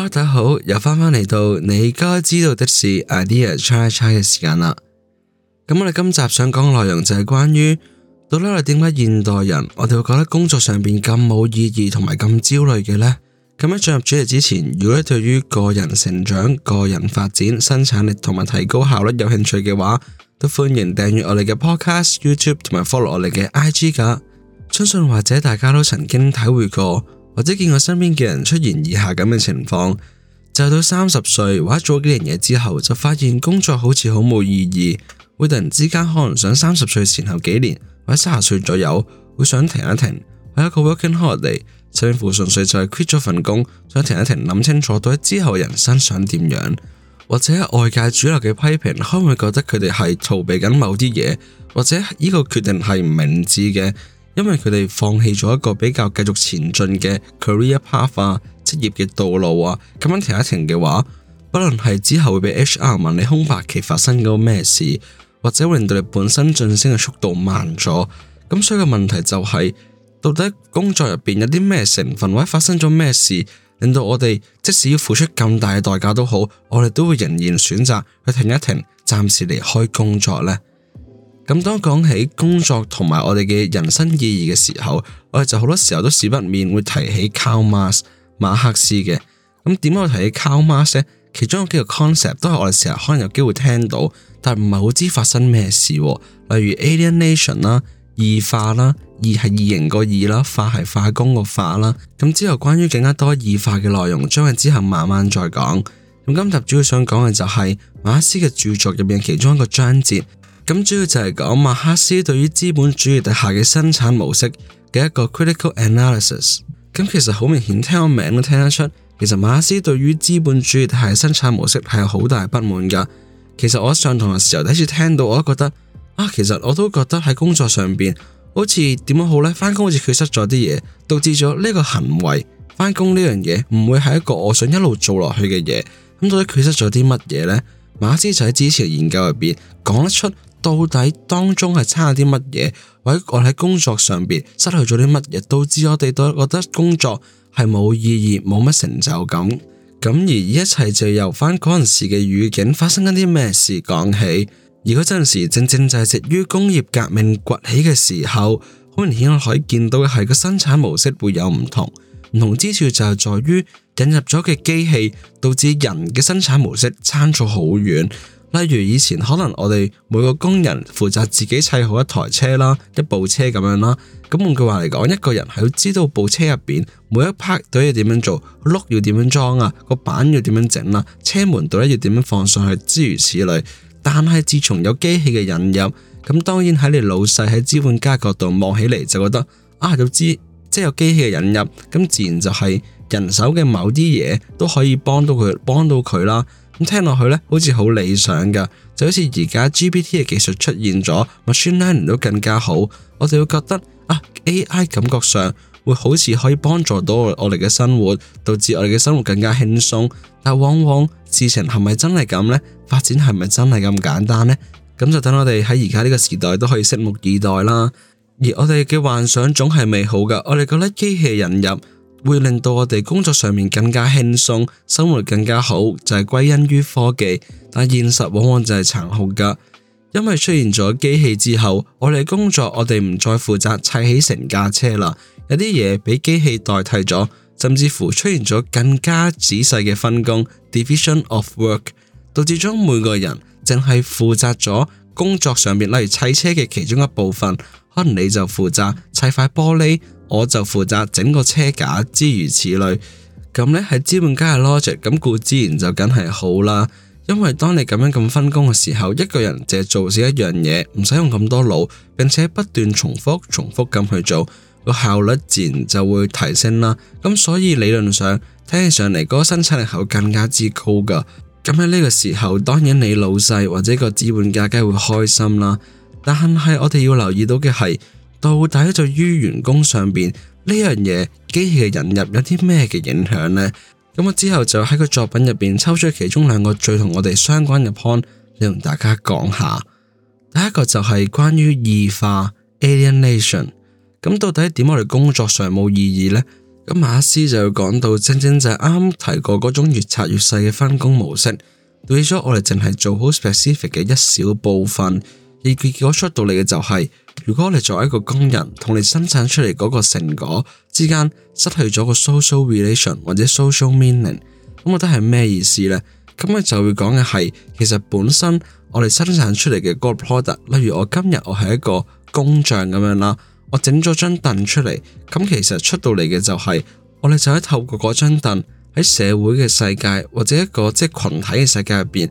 大家好，又翻返嚟到你該知道的事 idea try try 嘅時間啦。咁我哋今集想講嘅內容就係關於到底係點解現代人我哋會覺得工作上邊咁冇意義同埋咁焦慮嘅呢？咁喺進入主題之前，如果你對於個人成長、個人發展、生產力同埋提高效率有興趣嘅話，都歡迎訂閱我哋嘅 podcast、YouTube 同埋 follow 我哋嘅 IG 㗎。相信或者大家都曾經體會過。或者見我身邊嘅人出現以下咁嘅情況，就到三十歲或者做咗幾年嘢之後，就發現工作好似好冇意義，會突然之間可能想三十歲前後幾年或者三十歲左右，會想停一停，係一個 working holiday，甚至乎純粹就係 quit 咗份工，想停一停，諗清楚到底之後人生想點樣，或者外界主流嘅批評，可能會覺得佢哋係逃避緊某啲嘢，或者呢個決定係唔明智嘅。因為佢哋放棄咗一個比較繼續前進嘅 career path 化、啊、職業嘅道路啊，咁樣停一停嘅話，不論係之後會俾 HR 問你空白期發生嗰個咩事，或者會令到你本身晉升嘅速度慢咗，咁所以個問題就係、是、到底工作入邊有啲咩成分或者發生咗咩事，令到我哋即使要付出咁大嘅代價都好，我哋都會仍然選擇去停一停，暫時離開工作呢？咁當講起工作同埋我哋嘅人生意義嘅時候，我哋就好多時候都少不免會提起 Karl Marx 馬克思嘅。咁點解會提起 Karl Marx 呢？其中有幾個 concept 都係我哋成日可能有機會聽到，但係唔係好知發生咩事。例如 alienation 啦、異化啦，異係異形個異啦，化係化工個化啦。咁之後關於更加多異化嘅內容，將會之後慢慢再講。咁今集主要想講嘅就係、是、馬克思嘅著作入面其中一個章節。咁主要就係講馬克思對於資本主義底下嘅生產模式嘅一個 critical analysis。咁其實好明顯聽個名都聽得出，其實馬克思對於資本主義底下嘅生產模式係有好大不滿噶。其實我上堂嘅時候第一次聽到，我都覺得啊，其實我都覺得喺工作上邊好似點樣好呢？翻工好似缺失咗啲嘢，導致咗呢個行為翻工呢樣嘢唔會係一個我想一路做落去嘅嘢。咁、嗯、到底缺失咗啲乜嘢呢？馬克思就喺之前嘅研究入邊講得出。到底當中係差啲乜嘢，或者我喺工作上邊失去咗啲乜嘢，導致我哋都覺得工作係冇意義、冇乜成就感。咁而一切就由翻嗰陣時嘅語境發生緊啲咩事講起。而嗰陣時正正就係植於工業革命崛起嘅時候，好明顯可以見到嘅係個生產模式會有唔同，唔同之處就係在於引入咗嘅機器導致人嘅生產模式差咗好遠。例如以前可能我哋每個工人負責自己砌好一台車啦，一部車咁樣啦，咁換句話嚟講，一個人係要知道部車入邊每一 part 到底要點樣做，碌要點樣裝啊，個板要點樣整啊，車門到底要點樣放上去，諸如此類。但係自從有機器嘅引入，咁當然喺你老細喺資本家角度望起嚟就覺得啊，有機即係有機器嘅引入，咁自然就係人手嘅某啲嘢都可以幫到佢，幫到佢啦。咁聽落去咧，好似好理想噶就好似而家 GPT 嘅技術出現咗，machine learning 都更加好，我哋會覺得啊，AI 感覺上會好似可以幫助到我哋嘅生活，導致我哋嘅生活更加輕鬆。但往往事情係咪真係咁呢？發展係咪真係咁簡單呢？咁就等我哋喺而家呢個時代都可以拭目以待啦。而我哋嘅幻想總係美好噶我哋覺得機器人入。會令到我哋工作上面更加輕鬆，生活更加好，就係歸因於科技。但現實往往就係殘酷噶，因為出現咗機器之後，我哋工作我哋唔再負責砌起成架車啦。有啲嘢俾機器代替咗，甚至乎出現咗更加仔細嘅分工 （division of work），導致咗每個人淨係負責咗工作上面，例如砌車嘅其中一部分。可能你就負責砌塊玻璃。我就負責整個車架，諸如此類。咁呢係資本家嘅 logic，咁故自然就梗係好啦。因為當你咁樣咁分工嘅時候，一個人淨係做少一樣嘢，唔使用咁多腦，並且不斷重複、重複咁去做，個效率自然就會提升啦。咁所以理論上聽起上嚟嗰個生產力係更加之高噶。咁喺呢個時候，當然你老細或者個資本家梗係會開心啦。但係我哋要留意到嘅係。到底就於員工上邊呢樣嘢機器嘅引入有啲咩嘅影響呢？咁我之後就喺個作品入邊抽出其中兩個最同我哋相關嘅 point，嚟，同大家講下。第一個就係關於異化 alienation，咁到底點我哋工作上冇意義呢？咁馬克思就講到，正正就係啱啱提過嗰種越拆越細嘅分工模式，對咗我哋淨係做好 specific 嘅一小部分。而結果出到嚟嘅就係，如果你作為一個工人，同你生產出嚟嗰個成果之間失去咗個 social relation 或者 social meaning，咁我覺得係咩意思呢？咁咧就會講嘅係，其實本身我哋生產出嚟嘅嗰個 product，例如我今日我係一個工匠咁樣啦，我整咗張凳出嚟，咁其實出到嚟嘅就係，我哋就喺透過嗰張凳喺社會嘅世界或者一個即係群體嘅世界入邊，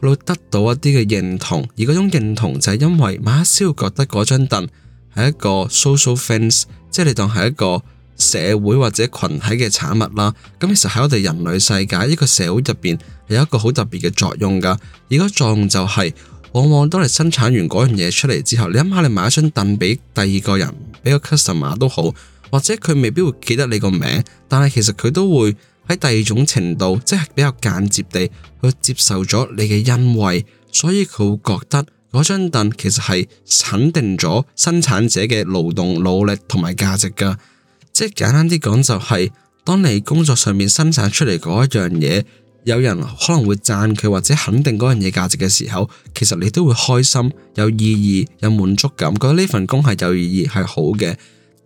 會得到一啲嘅認同，而嗰種認同就係因為馬克思覺得嗰張凳係一個 social things 即係你當係一個社會或者群體嘅產物啦。咁其實喺我哋人類世界呢個社會入邊，有一個好特別嘅作用噶。而個作用就係、是，往往當你生產完嗰樣嘢出嚟之後，你諗下你買一張凳俾第二個人，俾個 customer 都好，或者佢未必會記得你個名，但係其實佢都會。喺第二種程度，即係比較間接地去接受咗你嘅恩惠，所以佢會覺得嗰張凳其實係肯定咗生產者嘅勞動努力同埋價值噶。即係簡單啲講、就係，就係當你工作上面生產出嚟嗰一樣嘢，有人可能會讚佢或者肯定嗰樣嘢價值嘅時候，其實你都會開心、有意義、有滿足感，覺得呢份工係有意義、係好嘅。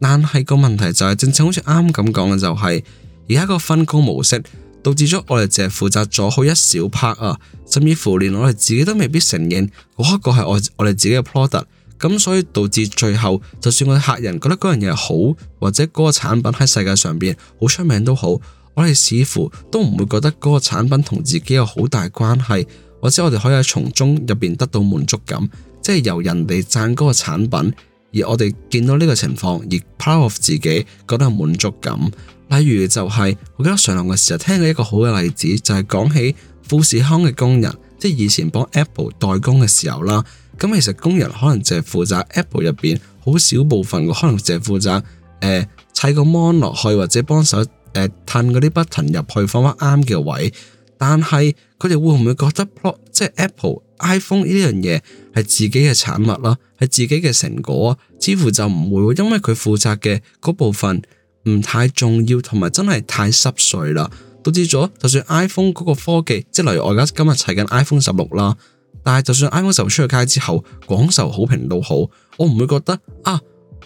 但係個問題就係、係，正正好似啱啱咁講嘅就係、係。而家個分工模式導致咗我哋淨係負責做好一小 part 啊，甚至乎連我哋自己都未必承認嗰一個係我哋自己嘅 product。咁所以導致最後，就算我哋客人覺得嗰樣嘢好，或者嗰個產品喺世界上邊好出名都好，我哋似乎都唔會覺得嗰個產品同自己有好大關係，或者我哋可以喺從中入邊得到滿足感，即係由人哋讚嗰個產品。而我哋見到呢個情況，亦 proud of 自己覺得滿足感。例如就係、是、我記得上堂嘅時候，聽過一個好嘅例子，就係、是、講起富士康嘅工人，即係以前幫 Apple 代工嘅時候啦。咁其實工人可能淨係負責 Apple 入邊好少部分，可能淨係負責誒、呃、砌個 mon 落去，或者幫手誒褪、呃、嗰啲 button 入去，放翻啱嘅位。但係佢哋會唔會覺得即 Apple iPhone 呢樣嘢係自己嘅產物啦，係自己嘅成果，似乎就唔會，因為佢負責嘅嗰部分唔太重要，同埋真係太濕碎啦，導致咗就算 iPhone 嗰個科技，即係例如我而家今日睇緊 iPhone 十六啦，但係就算 iPhone 十六出咗街之後廣受好評都好，我唔會覺得啊，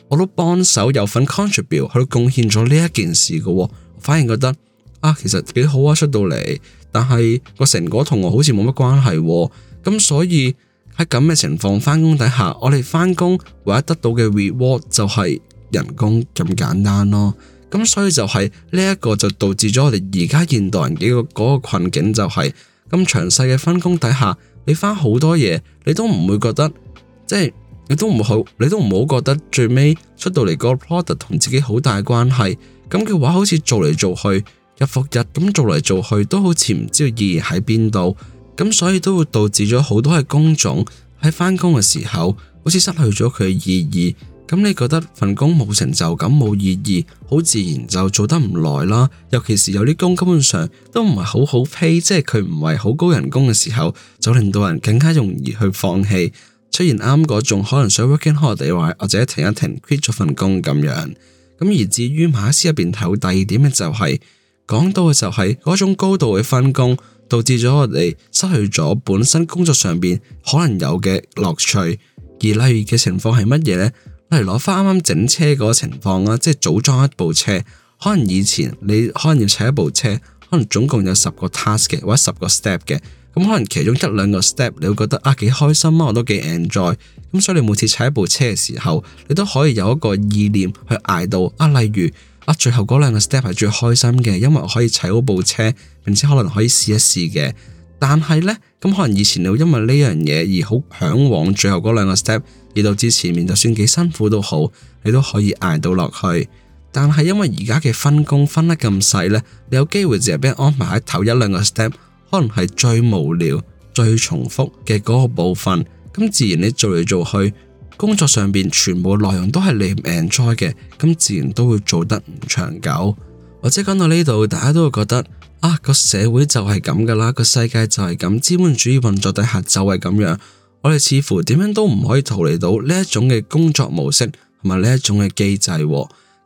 我都幫手有份 contribute 去貢獻咗呢一件事㗎喎，反而覺得啊，其實幾好啊，出到嚟。但係個成果同我好似冇乜關係喎，咁所以喺咁嘅情況翻工底下，我哋翻工唯一得到嘅 reward 就係人工咁簡單咯。咁所以就係呢一個就導致咗我哋而家現代人嘅個嗰個困境就係、是、咁詳細嘅分工底下，你翻好多嘢，你都唔會覺得，即係你都唔好，你都唔好覺得最尾出到嚟個 product 同自己好大關係。咁嘅話，好似做嚟做去。日復日咁做嚟做去，都好似唔知道意義喺邊度，咁所以都會導致咗好多嘅工種喺翻工嘅時候，好似失去咗佢嘅意義。咁你覺得份工冇成就感、冇意義，好自然就做得唔耐啦。尤其是有啲工根本上都唔係好好 pay，即係佢唔係好高人工嘅時候，就令到人更加容易去放棄。出現啱嗰種可能想 working holiday，或者停一停 quit 咗份工咁樣。咁而至於馬克思入邊頭第二點咧、就是，就係。講到嘅就係嗰種高度嘅分工，導致咗我哋失去咗本身工作上邊可能有嘅樂趣。而例如嘅情況係乜嘢呢？例如攞翻啱啱整車嗰個情況啊，即係組裝一部車，可能以前你可能要砌一部車，可能總共有十個 task 嘅或者十個 step 嘅，咁可能其中一兩個 step 你會覺得啊幾開心啊，我都幾 enjoy。咁所以你每次砌一部車嘅時候，你都可以有一個意念去捱到啊，例如。啊！最後嗰兩個 step 係最開心嘅，因為我可以踩好部車，並且可能可以試一試嘅。但係呢，咁可能以前你會因為呢樣嘢而好向往最後嗰兩個 step，而導致前面就算幾辛苦都好，你都可以捱到落去。但係因為而家嘅分工分得咁細呢，你有機會就係俾人安排喺頭一兩個 step，可能係最無聊、最重複嘅嗰個部分。咁自然你做嚟做去。工作上面全部內容都係你唔 enjoy 嘅，咁自然都會做得唔長久。或者講到呢度，大家都會覺得啊，個社會就係咁噶啦，個世界就係咁，資本主義運作底下就係咁樣。我哋似乎點樣都唔可以逃離到呢一種嘅工作模式同埋呢一種嘅機制。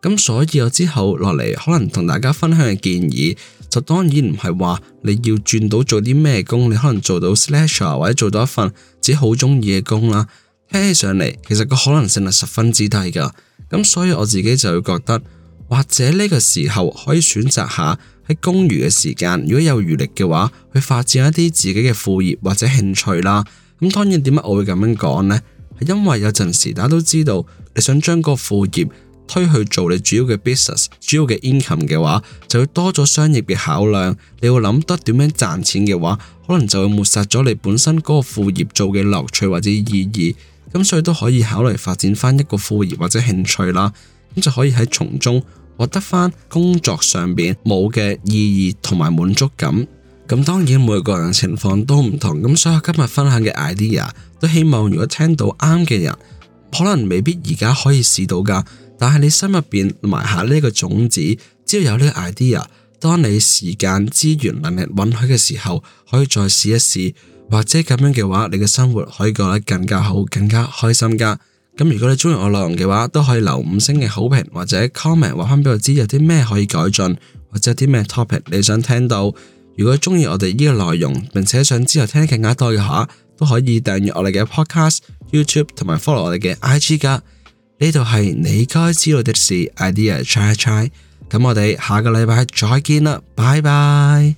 咁所以我之後落嚟，可能同大家分享嘅建議，就當然唔係話你要轉到做啲咩工，你可能做到 slasher 或者做到一份自己好中意嘅工啦。聽起上嚟，其實個可能性係十分之低噶，咁所以我自己就會覺得，或者呢個時候可以選擇下喺工餘嘅時間，如果有餘力嘅話，去發展一啲自己嘅副業或者興趣啦。咁當然點解我會咁樣講呢？係因為有陣時大家都知道，你想將個副業推去做你主要嘅 business、主要嘅 income 嘅話，就要多咗商業嘅考量。你要諗得點樣賺錢嘅話，可能就會抹殺咗你本身嗰個副業做嘅樂趣或者意義。咁所以都可以考慮發展翻一個副業或者興趣啦，咁就可以喺從中獲得翻工作上邊冇嘅意義同埋滿足感。咁當然每個人情況都唔同，咁所以我今日分享嘅 idea 都希望如果聽到啱嘅人，可能未必而家可以試到噶，但係你心入邊埋下呢個種子，只要有呢個 idea，當你時間、資源、能力允許嘅時候，可以再試一試。或者咁樣嘅話，你嘅生活可以過得更加好、更加開心噶。咁如果你中意我內容嘅話，都可以留五星嘅好評或者 comment，話翻俾我知有啲咩可以改進，或者有啲咩 topic 你想聽到。如果中意我哋呢個內容，並且想之後聽得更加多嘅話，都可以訂閱我哋嘅 podcast、YouTube 同埋 follow 我哋嘅 IG 噶。呢度係你該知道的事，ideas try1try。咁我哋下個禮拜再見啦，拜拜。